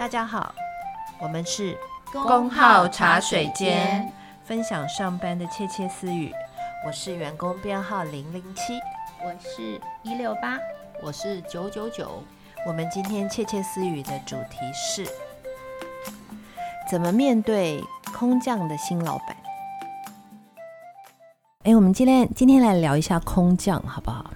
大家好，我們是工號茶水間，茶水間分享上班的竊竊私語。我是員工編號零零七，我是一六八，我是九九九。我們今天竊竊私語的主題是怎麼面對空降的新老闆？哎，我們今天今天來聊一下空降，好不好？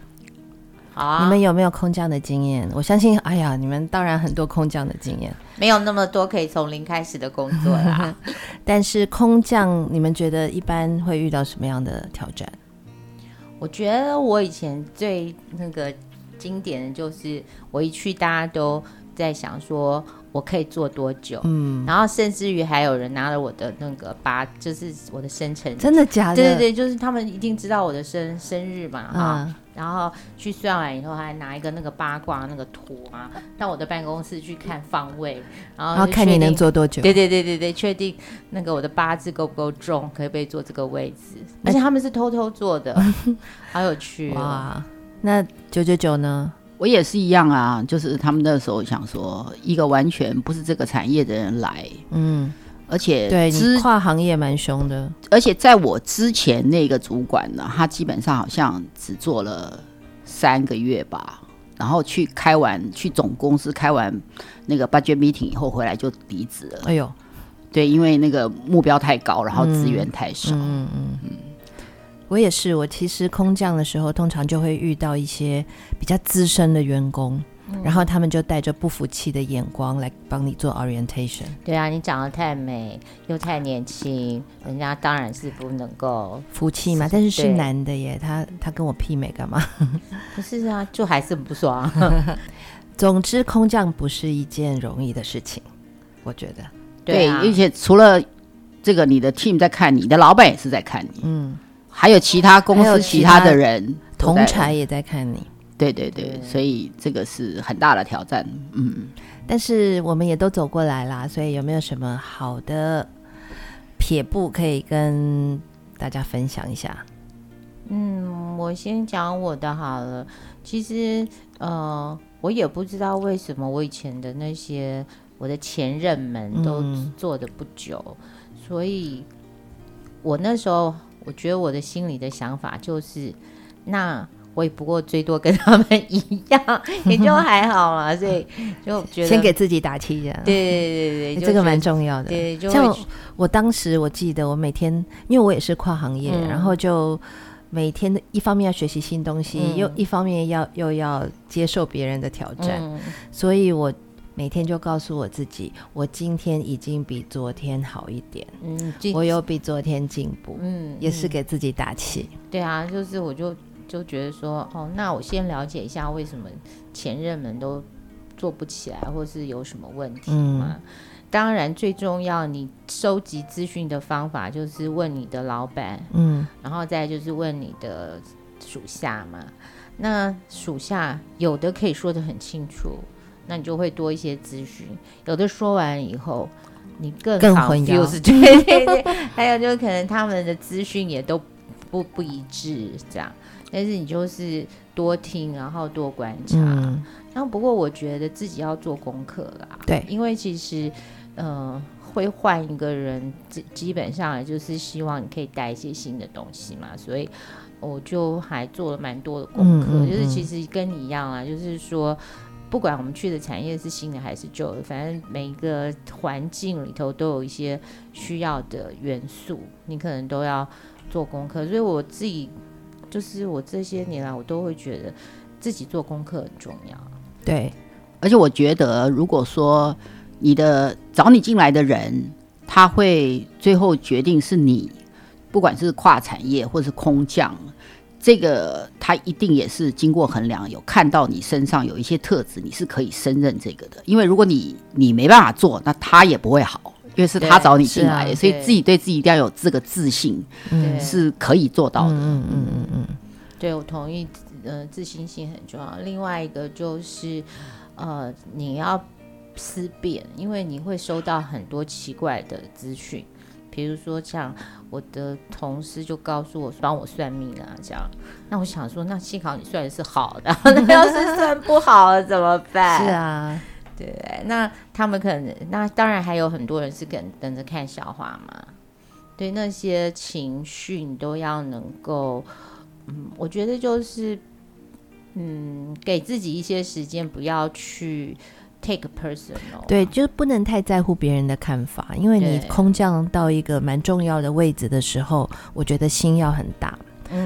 啊、你們有沒有空降的經驗？我相信，哎呀，你們當然很多空降的經驗，沒有那麼多可以從零開始的工作啦。 但是空降，你們覺得一般會遇到什麼樣的挑戰？我覺得我以前最那個經典的，就是我一去，大家都在想說我可以做多久？嗯，然後甚至於還有人拿了我的那個八，就是我的生辰，真的假的？對對對，就是他們一定知道我的生生日嘛啊。嗯然後去算完以後，還拿一個那個八卦那個圖啊，到我的辦公室去看方位，然後,然後看你能坐多久。對對對對，確定那個我的八字夠不夠重，可以不可以坐這個位置？而且,而且他們是偷偷做的， 好有趣啊、哦！那九九九呢？我也是一樣啊，就是他們那時候想說，一個完全不是這個產業的人來，嗯。而且對，跨行業蠻兇的，而且在我之前那個主管呢，他基本上好像只做了三個月吧，然後去開完去總公司開完那個 budget meeting 以後回來就離職了。哎呦，對，因為那個目標太高，然後資源太少。嗯嗯嗯，嗯嗯嗯我也是，我其實空降的時候，通常就會遇到一些比較資深的員工。嗯、然後他們就帶着不服氣的眼光來幫你做 orientation。對啊，你長得太美又太年輕，人家當然是不能夠服氣嘛。但是是男的耶，對他他跟我媲美幹嘛？ 不是啊，就還是不爽。 總之，空降不是一件容易的事情，我覺得。對，對啊，而且除了這個，你的 team 在看你，你的老闆也是在看你，嗯，還有其他公司其他的人他都在 同儕也在看你。嗯對對對，對。所以這個是很大的挑戰，嗯。但是我們也都走過來了，所以有沒有什麼好的撇步可以跟大家分享一下？嗯，我先講我的好了。其實，呃，我也不知道為什麼，我以前的那些我的前任們都做的不久，嗯。所以，我那時候我覺得我的心裡的想法就是那。我也不過最多跟他們一樣，也就還好了 所以就先給自己打氣一下。對對對，對這個蠻重要的。對，對就，就我，我當時我記得，我每天因為我也是跨行業，嗯、然後就每天一方面要學習新東西，嗯、又一方面要又要接受別人的挑戰，嗯、所以我每天就告訴我自己，我今天已經比昨天好一點，嗯，我有比昨天進步，嗯，嗯也是給自己打氣。對啊，就是我就。就覺得說哦，那我先了解一下為什麼前任們都做不起來，或是有什麼問題嘛？嗯、當然，最重要你收集資訊的方法就是問你的老板，嗯，然後再就是問你的屬下嘛。那屬下有的可以說得很清楚，那你就會多一些資訊；有的說完以後，你更好，更混淆。對對對，還有就是可能他們的資訊也都不不，不一致，這樣。但是你就是多聽，然後多觀察。然後、嗯、不過我覺得自己要做功課啦。對，因為其實，呃，會換一個人，基基本上就是希望你可以帶一些新的東西嘛。所以我就還做了蠻多的功課，嗯嗯嗯、就是其實跟你一樣啊，就是說，不管我們去的產業是新的還是舊的，反正每一個環境裡頭都有一些需要的元素，你可能都要做功課。所以我自己。就是我這些年來，我都會覺得自己做功課很重要。對，而且我覺得，如果說你的找你進來的人，他會最後決定是你，不管是跨產業或是空降，這個他一定也是經過衡量，有看到你身上有一些特質，你是可以勝任這個的。因為如果你你沒辦法做，那他也不會好。因為是他找你進來的，啊、所以自己對自己一定要有這個自信，嗯對，是可以做到的。嗯嗯嗯嗯，對我同意，嗯、呃，自信心很重要。另外一個就是，呃，你要思辨，因為你會收到很多奇怪的資訊，比如說像我的同事就告訴我幫我算命啊，這樣。那我想說，那幸好你算的是好的， 那要是算不好了怎麼辦？是啊。對，那他們可能，那當然還有很多人是等等着看笑話嘛。對，那些情緒你都要能夠，嗯，我覺得就是，嗯，給自己一些時間，不要去 take personal，對，就是不能太在乎別人的看法，因為你空降到一個蠻重要的位置的時候，我覺得心要很大。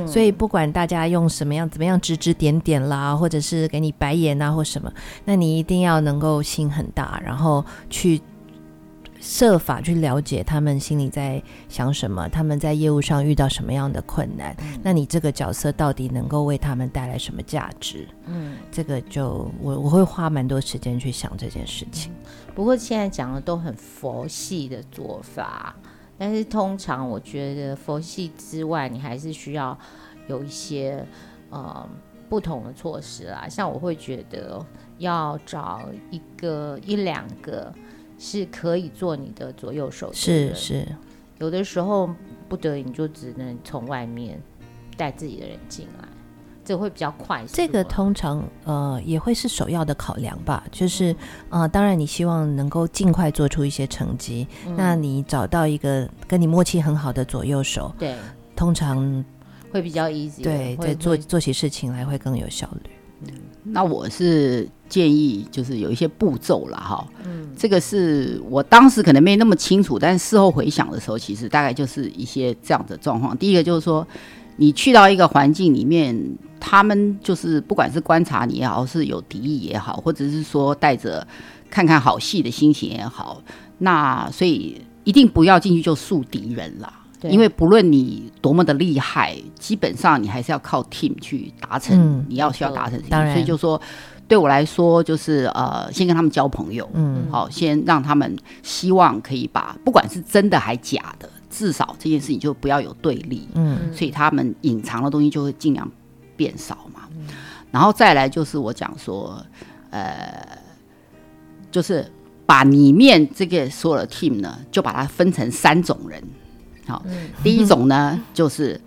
所以不管大家用什麼樣、怎麼樣指指點點啦，或者是給你白眼啊或什麼，那你一定要能夠心很大，然後去設法去了解他們心裡在想什麼，他們在業務上遇到什麼樣的困難，嗯、那你這個角色到底能夠為他們帶來什麼價值？嗯，這個就我我會花蠻多時間去想這件事情。不過現在講的都很佛系的做法。但是通常我覺得佛系之外，你還是需要有一些呃不同的措施啦。像我會覺得要找一個一兩個是可以做你的左右手是。是是，有的時候不得已你就只能從外面帶自己的人進來。這會比較快。這個通常呃也會是首要的考量吧，就是呃，當然你希望能夠盡快做出一些成績。那你找到一個跟你默契很好的左右手，對，通常會比較 easy，對，在做做起事情來會更有效率。那我是建議就是有一些步驟了哈，嗯，這個是我當時可能沒那麼清楚，但事後回想的時候，其實大概就是一些這樣的狀況。第一個就是說。你去到一個環境裡面，他們就是不管是觀察你也好，是有敵意也好，或者是說，帶着看看好戲的心情也好，那所以一定不要進去就樹敵人啦。對，因為不論你多麼的厲害，基本上你還是要靠 team 去達成、嗯、你要需要達成什麼。對所以就說，然對我來說，就是呃，先跟他們交朋友，嗯，好、哦，先讓他們希望可以把不管是真的還假的。至少這件事情就不要有對立，嗯，所以他們隱藏的東西就會盡量變少嘛。嗯、然後再來就是我講說，呃，就是把裡面這個所有的 team 呢，就把它分成三種人。好，嗯、第一種呢就是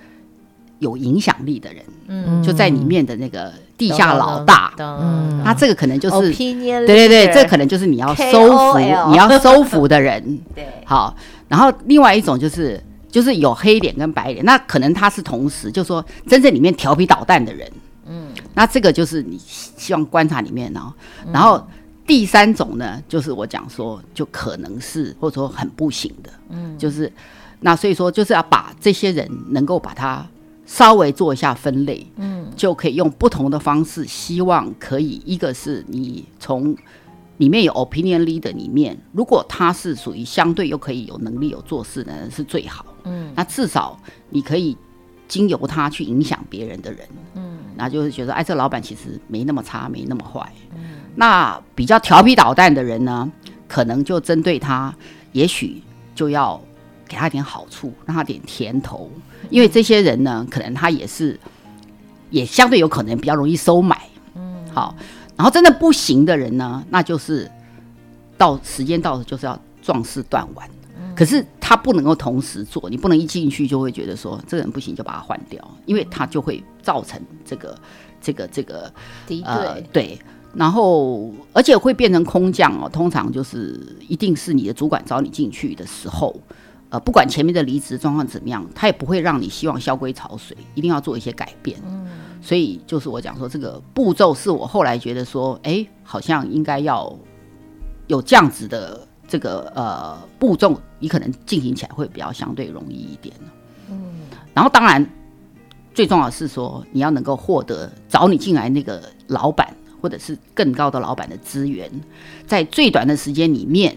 有影響力的人，嗯，就在裡面的那個地下老大，那、嗯、這個可能就是、嗯、對對對，這個、可能就是你要收服、K-O-L、你要收服的人， 對，好。然後另外一種就是就是有黑臉跟白臉，那可能他是同時，就是說真正裡面調皮搗蛋的人，嗯，那這個就是你希望觀察裡面呢，哦。嗯，然後第三種呢，就是我講說就可能是或者說很不行的，嗯，就是那所以說就是要把這些人能夠把它稍微做一下分類，嗯，就可以用不同的方式，希望可以一個是你從。裡面有 opinion leader 裡面，如果他是屬於相對又可以有能力有做事的人，是最好。嗯，那至少你可以經由他去影響別人的人。嗯，那就是覺得，哎，這個老闆其實沒那麼差，沒那麼壞。嗯，那比較調皮搗蛋的人呢，可能就針對他，也許就要給他點好處，讓他點甜頭，因為這些人呢，可能他也是，也相對有可能比較容易收買。嗯，好。哦。然後真的不行的人呢，那就是到時間到了，就是要壯士斷腕。嗯、可是他不能夠同時做，你不能一進去就會覺得說這個人不行就把他換掉，因為他就會造成這個這個這個呃對，對。然後而且會變成空降哦，通常就是一定是你的主管找你進去的時候，呃，不管前面的離職狀況怎麼樣，他也不會讓你希望蕭規曹隨，一定要做一些改變。嗯所以就是我講說，這個步驟是我後來覺得說，哎，好像應該要有這樣子的這個呃步驟，你可能進行起來會比較相對容易一點。嗯，然後當然最重要的是說，你要能夠獲得找你進來那個老闆或者是更高的老闆的資源，在最短的時間裡面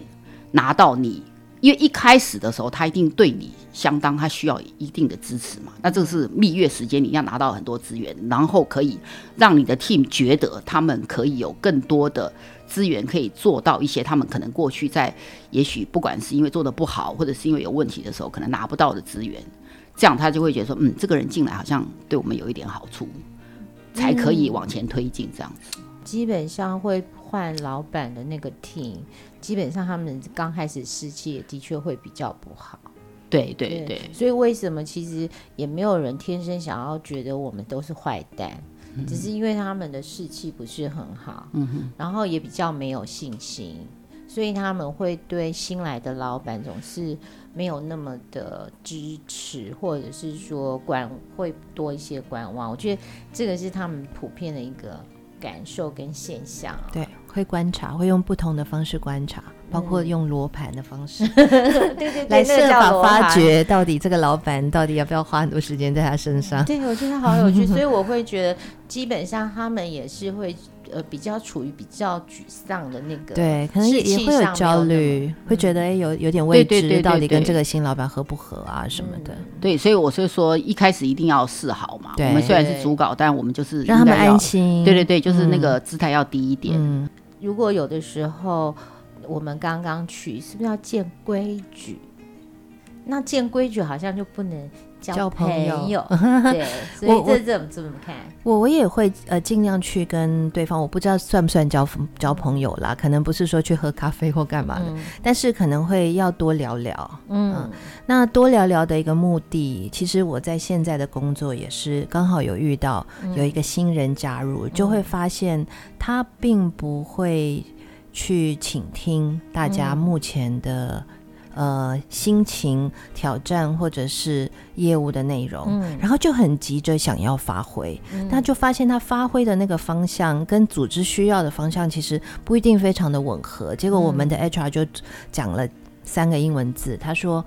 拿到你。因為一開始的時候，他一定對你相當，他需要一定的支持嘛。那這是蜜月時間，你要拿到很多資源，然後可以讓你的 team 覺得他們可以有更多的資源，可以做到一些他們可能過去在，也許不管是因為做的不好，或者是因為有問題的時候，可能拿不到的資源。這樣他就會覺得說，嗯，這個人進來好像對我們有一點好處，才可以往前推進，嗯，這樣子。基本上會換老板的那個 team，基本上他們剛開始士氣也的確會比較不好。對對對，對，所以為什麼其實也沒有人天生想要覺得我們都是壞蛋，嗯、哼只是因為他們的士氣不是很好，嗯、哼然後也比較沒有信心，所以他們會對新來的老板總是沒有那麼的支持，或者是說觀會多一些觀望。我覺得這個是他們普遍的一個。感受跟現象，對，會觀察，會用不同的方式觀察，包括用羅盤的方式，嗯、 對對對，來設法發掘到底這個老闆到底要不要花很多時間在他身上。對，我覺得好有趣， 所以我會覺得基本上他們也是會。呃，比較處於比較沮喪的那個，對，可能也會有焦慮，嗯、會覺得哎、欸，有有點未知，對對對對對，到底跟這個新老闆合不合啊、嗯、什麼的。對，所以我就說，一開始一定要示好嘛。對，我們雖然是主管，對但我們就是讓他們安心。對對對，就是那個姿態要低一點。嗯。嗯，如果有的時候我們剛剛去，是不是要建規矩？那建規矩好像就不能。交朋友，朋友 對，所以這這怎麼看？我我，我也會呃盡量去跟對方，我不知道算不算交交朋友啦，可能不是說去喝咖啡或幹嘛的，嗯、但是可能會要多聊聊。嗯，嗯，那多聊聊的一個目的，其實我在現在的工作也是剛好有遇到有一個新人加入，嗯、就會發現他並不會去傾聽大家目前的。呃，心情挑戰或者是業務的內容，嗯、然後就很急着想要發揮，嗯、但他就發現他發揮的那個方向跟組織需要的方向其實不一定非常的吻合。結果我們的 HR 就講了三個英文字，嗯、他說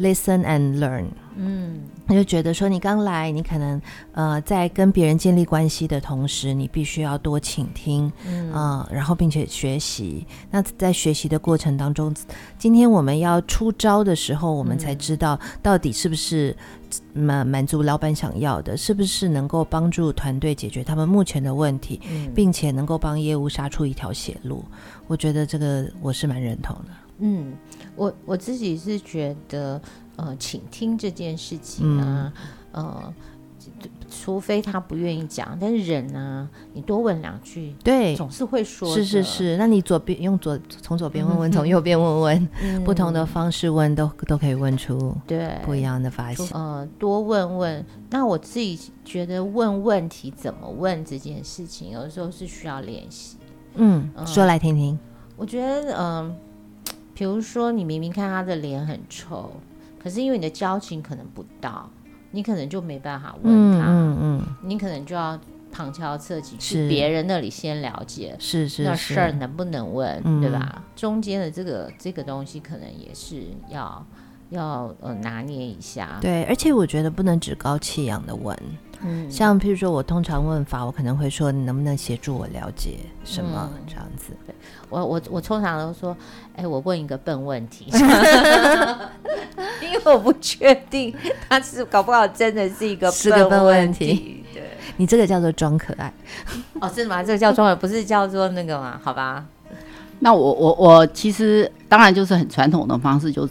：“Listen and learn。”嗯，他 就覺得說你剛來，你可能呃在跟別人建立關係的同時，你必須要多傾聽，嗯，呃，然後並且學習。那在學習的過程當中，今天我們要出招的時候，我們才知道到底是不是滿滿足老闆想要的，是不是能夠幫助團隊解決他們目前的問題，並且能夠幫業務殺出一條血路。我覺得這個我是蠻認同的。嗯，我我自己是覺得，呃，傾聽這件事情啊，嗯、呃，除非他不願意講，但是人啊，你多問兩句，對，總是會說，是是是。那你左邊用左，從左邊問問，從右邊問問，嗯、不同的方式問都，都都可以問出對不一樣的發現、嗯。嗯，多問問。那我自己覺得問問題怎麼問這件事情，有的時候是需要練習。嗯，呃、說來聽聽。我覺得，嗯、呃。比如說，你明明看他的臉很臭，可是因為你的交情可能不到，你可能就沒辦法問他，嗯嗯嗯、你可能就要旁敲側擊去別人那裡先了解，是是，那事兒能不能問，是是是對吧？中間的這個這個東西可能也是要要呃拿捏一下。對，而且我覺得不能趾高氣揚的問。嗯，像譬如說，我通常問法，我可能會說，你能不能協助我了解什麼、嗯、這樣子？我我我通常都說，哎、欸，我問一個笨問題， 因為我不確定他是搞不好真的是一個是個笨問題。對，你這個叫做裝可愛哦，是嗎？這個叫裝可愛，不是叫做那個嘛？好吧， 那我我我其實當然就是很傳統的方式，就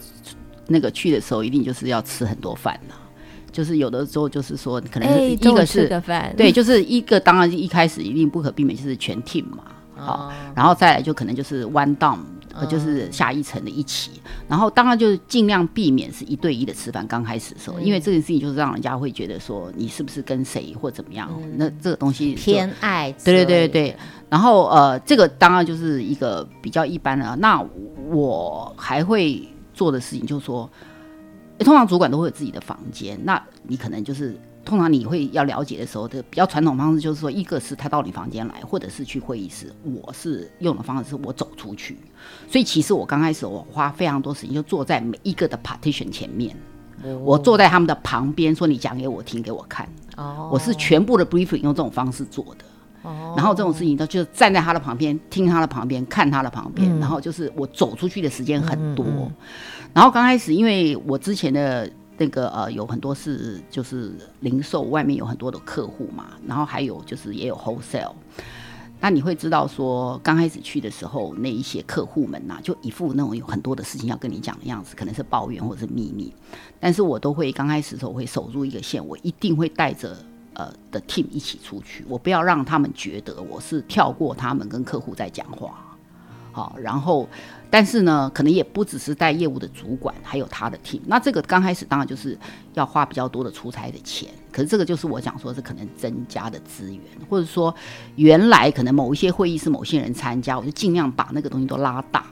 那個去的時候一定就是要吃很多飯了就是有的時候，就是說，可能是一個是對，就是一個當然一開始一定不可避免就是全 team 嘛，好，然後再來就可能就是 one down，就是下一層的一起，然後當然就是盡量避免是一對一的吃飯，剛開始的時候，因為這件事情就是讓人家會覺得說你是不是跟誰或怎麼樣，那這個東西偏愛，對對對對，對，然後呃，這個當然就是一個比較一般的，那我還會做的事情就是說。欸，通常主管都會有自己的房間，那你可能就是通常你會要了解的時候的比較傳統方式，就是說一個是他到你房間來，或者是去會議室。我是用的方式是我走出去，所以其實我剛開始我花非常多時間，就坐在每一個的 partition 前面，我坐在他們的旁邊，說你講給我聽，給我看。哦，我是全部的 briefing 用這種方式做的。然後這種事情都就站在他的旁邊，聽他的旁邊，看他的旁邊，嗯、然後就是我走出去的時間很多。嗯嗯、然後剛開始，因為我之前的那個呃有很多是就是零售外面有很多的客戶嘛，然後還有就是也有 wholesale，那你會知道說剛開始去的時候，那一些客戶們吶、啊、就一副那種有很多的事情要跟你講的樣子，可能是抱怨或者是秘密，但是我都會剛開始的時候會守住一個線，我一定會帶着。呃的 team 一起出去，我不要讓他們覺得我是跳過他們跟客戶在講話，好，然後但是呢，可能也不只是帶業務的主管，還有他的 team。那這個剛開始當然就是要花比較多的出差的錢，可是這個就是我想說，是可能增加的資源，或者說原來可能某一些會議是某些人參加，我就盡量把那個東西都拉大。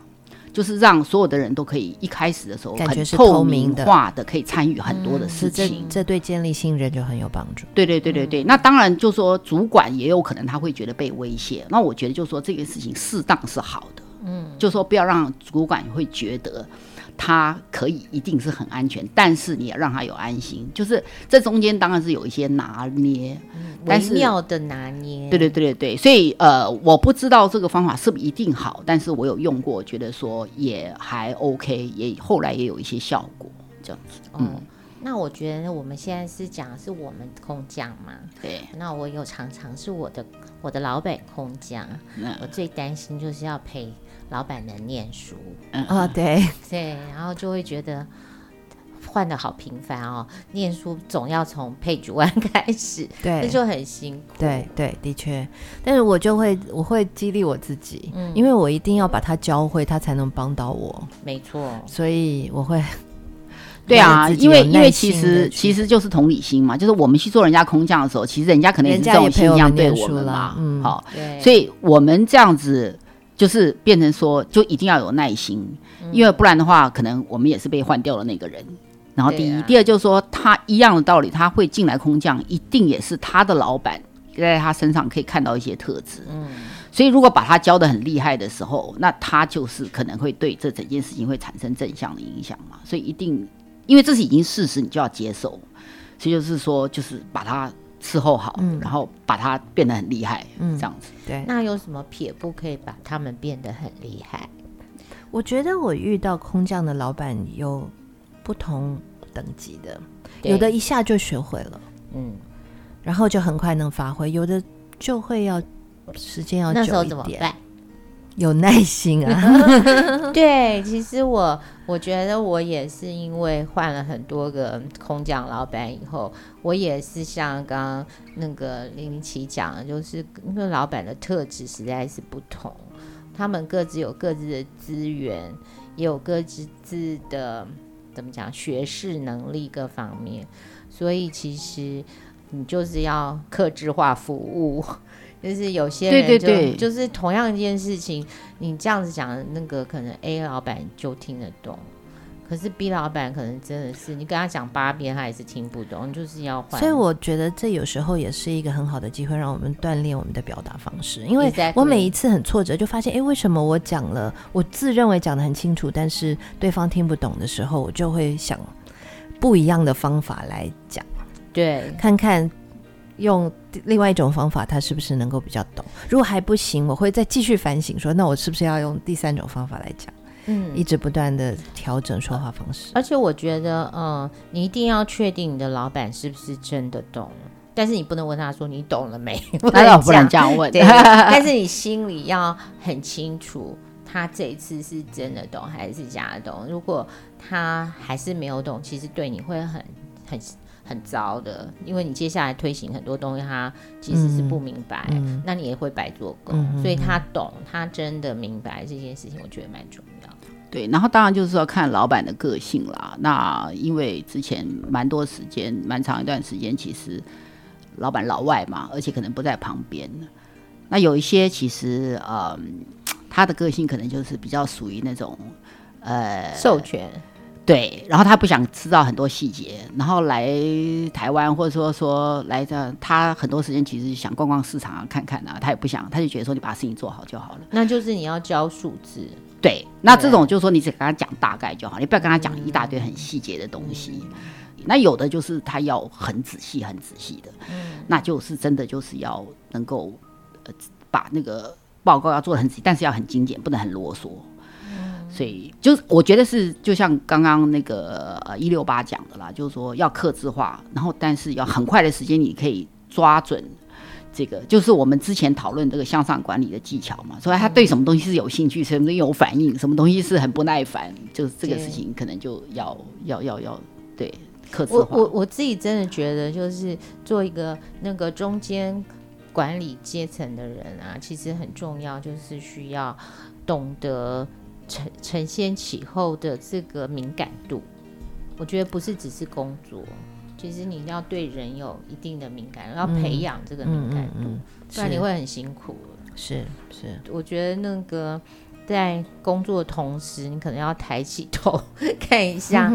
就是讓所有的人都可以一開始的時候感覺透明化的可以參與很多的事情的，嗯，這，這對建立信任就很有幫助。對對對對對，嗯、那當然就說主管也有可能他會覺得被威脅，那我覺得就說這個事情適當是好的，嗯，就說不要讓主管會覺得。它可以一定是很安全，但是你要讓他有安心，就是這中間當然是有一些拿捏，嗯、但是微妙的拿捏。對對對對對，所以呃，我不知道這個方法是不是一定好，但是我有用過，覺得說也還 OK，也後來也有一些效果，這樣子，哦、嗯。那我覺得我們現在是講的是我們空降嘛？對。那我有常常是我的我的老闆空降，那我最擔心就是要陪老闆們唸書。嗯、哦、對對，然後就會覺得換的好頻繁哦，唸書總要從配主 g 開始，對，那就很辛苦。對對，的確。但是我就會我會激勵我自己，嗯、因為我一定要把他教會，他才能幫到我。沒錯。所以我會。對啊，因為因為其實其實就是同理心嘛，就是我們去做人家空降的時候，其實人家可能也是這種心一樣對我們嘛。好，嗯哦、對所以我們這樣子就是變成說，就一定要有耐心，嗯、因為不然的話，可能我們也是被換掉了那個人。然後第一、啊、第二，就是說他一樣的道理，他會進來空降，一定也是他的老板在他身上可以看到一些特質。嗯、所以如果把他教得很厲害的時候，那他就是可能會對這整件事情會產生正向的影響嘛。所以一定。因為這是已經事實，你就要接受，所以就是說，就是把他伺候好，嗯、然後把他變得很厲害，嗯、這樣子。對，那有什麼撇步可以把他們變得很厲害？我覺得我遇到空降的老板有不同等級的，對有的一下就學會了，嗯，然後就很快能發揮；有的就會要時間要久一點。有耐心啊！ 對，其實我我覺得我也是因為換了很多個空降老板以後，我也是像剛剛那個林奇講的，就是因為老板的特質實在是不同，他們各自有各自的資源，也有各自自的怎麼講學識能力各方面，所以其實你就是要客製化服務。就是有些人就，對對對，就就是同樣一件事情，你這樣子講，那個可能 A 老闆就聽得懂，可是 B 老闆可能真的是你跟他講八遍，他還是聽不懂，就是要換。所以我覺得這有時候也是一個很好的機會，讓我們鍛鍊我們的表達方式。因為我每一次很挫折，就發現，哎，為什麼我講了，我自認為講得很清楚，但是對方聽不懂的時候，我就會想不一樣的方法來講，對，看看。用另外一種方法，他是不是能夠比較懂？如果還不行，我會再繼續反省說，說那我是不是要用第三種方法來講？嗯，一直不斷的調整說話方式。而且我覺得，嗯，你一定要確定你的老闆是不是真的懂，但是你不能問他說你懂了沒？他老不想這樣問。對 但是你心裡要很清楚，他這一次是真的懂還是假的懂？如果他還是沒有懂，其實對你會很很。很糟的，因為你接下來推行很多東西，他其實是不明白，嗯嗯、那你也會白做工。嗯嗯、所以他懂，他真的明白這件事情，我覺得蠻重要的。對，然後當然就是說看老闆的個性啦。那因為之前蠻多時間，蠻長一段時間，其實老闆老外嘛，而且可能不在旁邊。那有一些其實，嗯，他的個性可能就是比較屬於那種，呃，授權。對，然後他不想知道很多細節，然後來台灣或者說，說來這，他很多時間其實想逛逛市場啊，看看啊，他也不想，他就覺得說你把事情做好就好了。那就是你要教數字，對，對，那這種就是說你只跟他講大概就好，你不要跟他講一大堆很細節的東西。嗯、那有的就是他要很仔細很仔細的，嗯、那就是真的就是要能夠、呃、把那個報告要做得很仔細，但是要很精簡，不能很囉嗦。所以就是我覺得是就像剛剛那個呃一六八講的啦，就是說要客製化，然後但是要很快的時間你可以抓準這個，就是我們之前討論這個向上管理的技巧嘛，所以他對什麼東西是有興趣，什麼東西有反應，什麼東西是很不耐煩，就是這個事情可能就要對要要要對客製化。我我我自己真的覺得，就是做一個那個中間管理階層的人啊，其實很重要，就是需要懂得。承承先啟後的這個敏感度，我覺得不是只是工作，其、就、實、是、你要對人有一定的敏感，嗯、要培養這個敏感度，不、嗯嗯嗯、然你會很辛苦了是。是是，我覺得那個在工作的同時，你可能要抬起頭 看一下，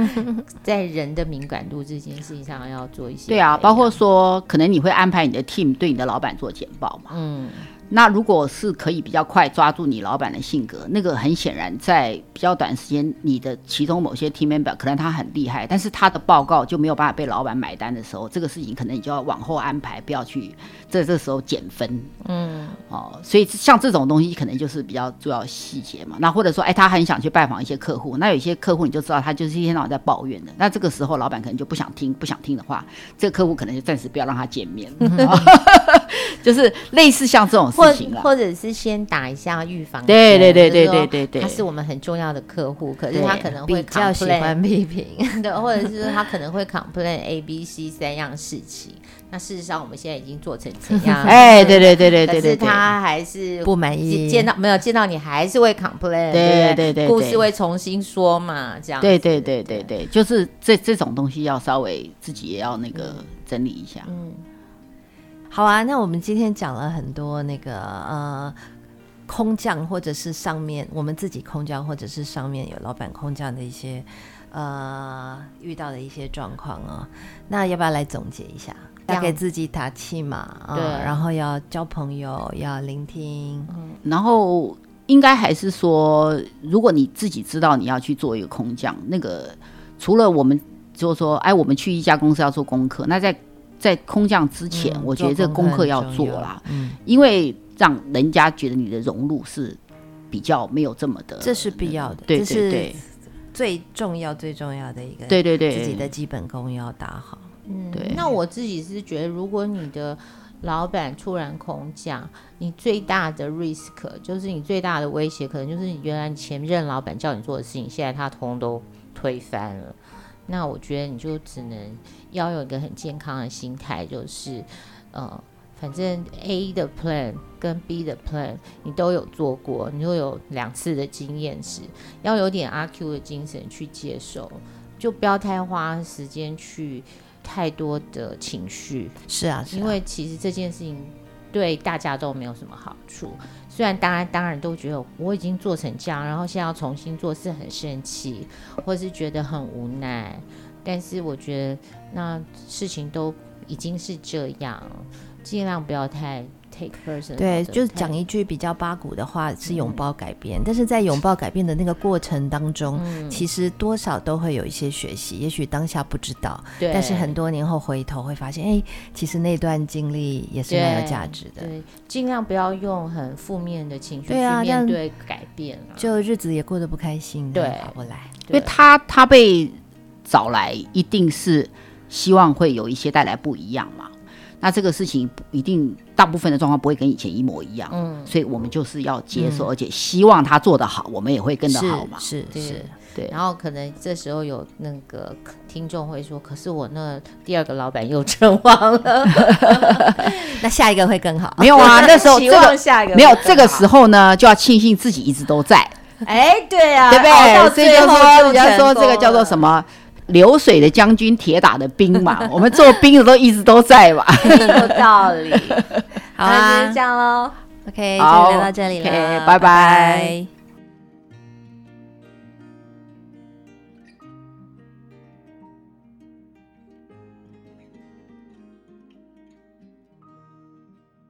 在人的敏感度這件事情上要做一些。對啊，包括說可能你會安排你的 team 對你的老闆做簡報嘛。嗯。那如果是可以比較快抓住你老闆的性格，那個很顯然在比較短時間，你的其中某些 team member 可能他很厲害，但是他的報告就沒有辦法被老闆買單的時候，這個事情可能你就要往後安排，不要去在這時候減分。嗯，哦，所以像這種東西可能就是比較重要細節嘛。那或者說，哎、欸，他很想去拜訪一些客戶，那有些客戶你就知道他就是一天到晚在抱怨的，那這個時候老闆可能就不想聽，不想聽的話，這個客戶可能就暫時不要讓他見面。就是類似像這種事情，或或者是先打一下預防針。對對對對對對，他是我們很重要的客戶，可是他可能會比較喜歡批評，對，或者是他可能會 complain A B C 三樣事情。那事實上我們現在已經做成這樣？哎，對對對對對，可是他還是不滿意，見到沒有見到你還是會 complain。對對對，故事會重新說嘛？這樣。對對對對對，就是這這種東西要稍微自己也要那個整理一下。嗯。好啊，那我們今天講了很多那個呃空降或者是上面我們自己空降或者是上面有老闆空降的一些呃遇到的一些狀況啊。那要不要來總結一下？要給自己打氣嘛，要啊，對然後要交朋友，要聆聽，嗯，然後應該還是說，如果你自己知道你要去做一個空降，那個除了我們就是說哎，我們去一家公司要做功課，那在。在空降之前，嗯、我覺得這個功課要做啦，做嗯、因為讓人家覺得你的融入是比較沒有這麼的，這是必要的，嗯、對，對，對，這是最重要最重要的一個。對對對，自己的基本功要打好。嗯，對。那我自己是覺得，如果你的老闆突然空降，你最大的 risk 就是你最大的威脅，可能就是你原來前任老闆叫你做的事情，現在他通都推翻了。那我覺得你就只能要有一個很健康的心態，就是，呃，反正 A 的 plan 跟 B 的 plan 你都有做過，你都有兩次的經驗值，要有點阿 Q 的精神去接受，就不要太花時間去太多的情緒。是啊，是啊，因為其實這件事情。對大家都沒有什麼好處。雖然，當然，當然，都覺得我已經做成這樣，然後現在要重新做，是很生氣，或是覺得很無奈。但是，我覺得那事情都已經是這樣，盡量不要太。Take 對，就講一句比較八股的話，是擁抱改變。嗯、但是在擁抱改變的那個過程當中，嗯、其實多少都會有一些學習。也許當下不知道，對但是很多年後回頭會發現，哎，其實那段經歷也是蠻有價值的。盡量不要用很負面的情緒去對、啊、面對改變、啊，就日子也過得不開心，對，跑不來。對，對，因為他他被找來，一定是希望會有一些帶來不一樣嘛。那這個事情一定大部分的狀況不會跟以前一模一樣，嗯，所以我們就是要接受，而且希望他做得好，我們也會跟得好嘛，是是，對。然後可能這時候有那個聽眾會說：“可是我那第二個老闆又陣亡了，那下一個會更好？”沒有啊，那時候希望下一個沒有，這個時候呢就要慶幸自己一直都在。哎，對啊，對不對？所以說人家說這個叫做什麼？流水的將軍，鐵打的兵嘛。 我們做兵的都一直都在嘛。 有道理。 好啊，啊，就這樣嘍。OK，今天就，oh, 到這裡了。OK，拜拜。拜拜。